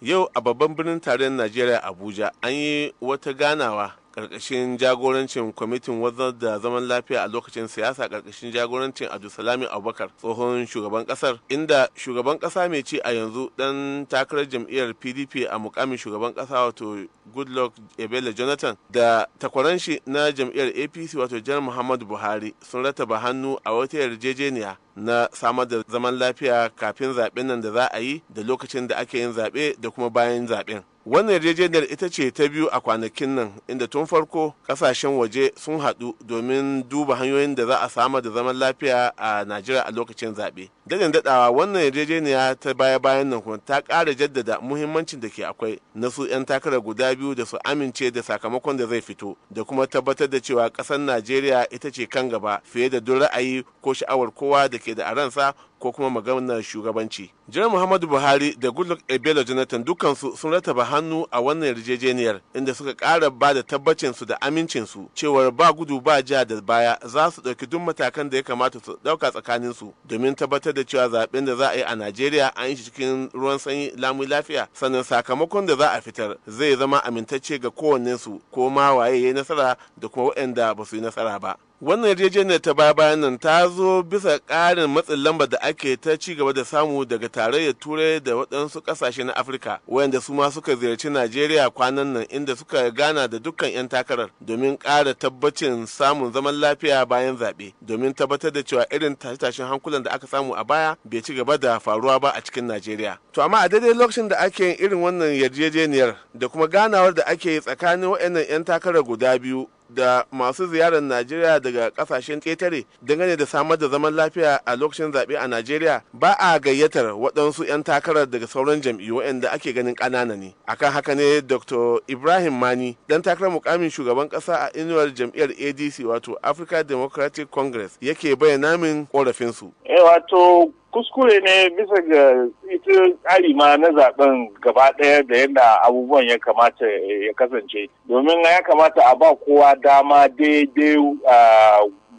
yau a babban birnin tarayyar najeriya abuja an yi wata ganawa karkashin jagorancin kwamitin wazar da zaman lafiya a lokacin siyasa karkashin jagorancin abdulsalami abubakar tsohon shugaban kasar inda shugaban kasa mai ci a yanzu dan takarar jam'iyyar pdp a mukamin shugaban kasa wato goodluck ebele jonathan da takwaran shi na jam'iyyar apc wato Jan muhammadu buhari sun rataba hannu a wata yarjejeniya na samar da zaman lafiya kafin zaben nan da za a yi da lokacin da ake yin zaɓe da kuma bayan zaɓen wannan yarjejeniyar ita ce ta biyu a kwanakin nan inda tun farko kasashen waje sun haɗu domin duba hanyoyin da za a samar da zaman lafiya a najeriya a lokacin zaɓe dadin daɗawa wannan yarjejeniya ta baya bayan nan kuma ta ƙara jaddada muhimmancin da ke akwai na su 'yan takarar guda biyu da su amince da sakamakon da zai fito da kuma tabbatar da cewa ƙasar najeriya ita ce kan gaba fiye da duk ra'ayi ko sha'awar kowa da ke da a ransa ko kuma maganar shugabanci jiran muhammadu buhari da goodluck ebelo jonathan dukansu sun rataba hannu a wannan yarjejeniyar inda suka kara ba da tabbacinsu da amincinsu cewar ba gudu ba ja da baya za su ɗauki duk matakan da ya kamata su ɗauka tsakaninsu domin tabbatar da cewa zaɓen da za a yi a najeriya an yi cikin ruwan sanyi lamu lafiya sannan sakamakon da za a fitar zai zama amintacce ga kowannensu ko ma waye ya yi nasara da kuma waɗanda ba su yi nasara ba wannan yarjejeniyar ta baya bayan nan ta zo bisa ƙarin matsin lamba da ake ta ci gaba da samu daga tarayyar turai da waɗansu ƙasashe na afirka wayanda su ma suka ziyarci najeriya kwanan nan inda suka gana da dukkan 'yan takarar domin ƙara tabbacin samun zaman lafiya bayan zaɓe domin tabbatar da cewa irin tashe-tashen hankulan da aka samu a baya bai ci gaba da faruwa ba a cikin najeriya to amma a daidai lokacin da ake yin irin wannan yarjejeniyar da kuma ganawar da ake yi tsakanin waɗannan 'yan takarar guda biyu da masu ziyarar Najeriya daga kasashen ƙetare dangane da samar da zaman lafiya a lokacin zaɓe a Najeriya ba a gayyatar waɗansu 'yan takarar daga sauran jam'iyyu da ake ganin ƙanana ne. Akan haka ne Dr. Ibrahim Mani dan takarar mukamin shugaban ƙasa a inuwar jam'iyyar ADC wato Africa Democratic Congress yake bayyana min ƙorafinsu. Eh wato kuskure ne bisa ga ita na zaben gaba ɗaya da yadda abubuwan ya kamata eh, ya kasance domin ya kamata a ba kowa dama daidai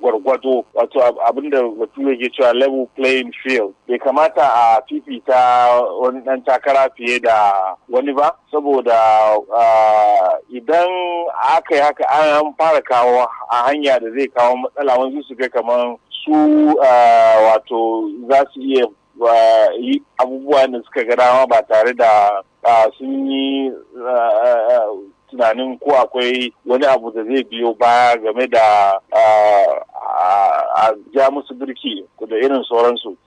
gwargwado wato abinda da ke cewa level playing field bai kamata a fifita wani dan takara fiye da wani ba saboda idan aka yi haka an fara kawo a hanya da zai kawo matsala wani su kai kamar su wato za su iya yi abubuwa da suka ga dama ba tare da sun yi tunanin ko akwai wani abu da zai biyo baya game da a ja musu birki da irin sauransu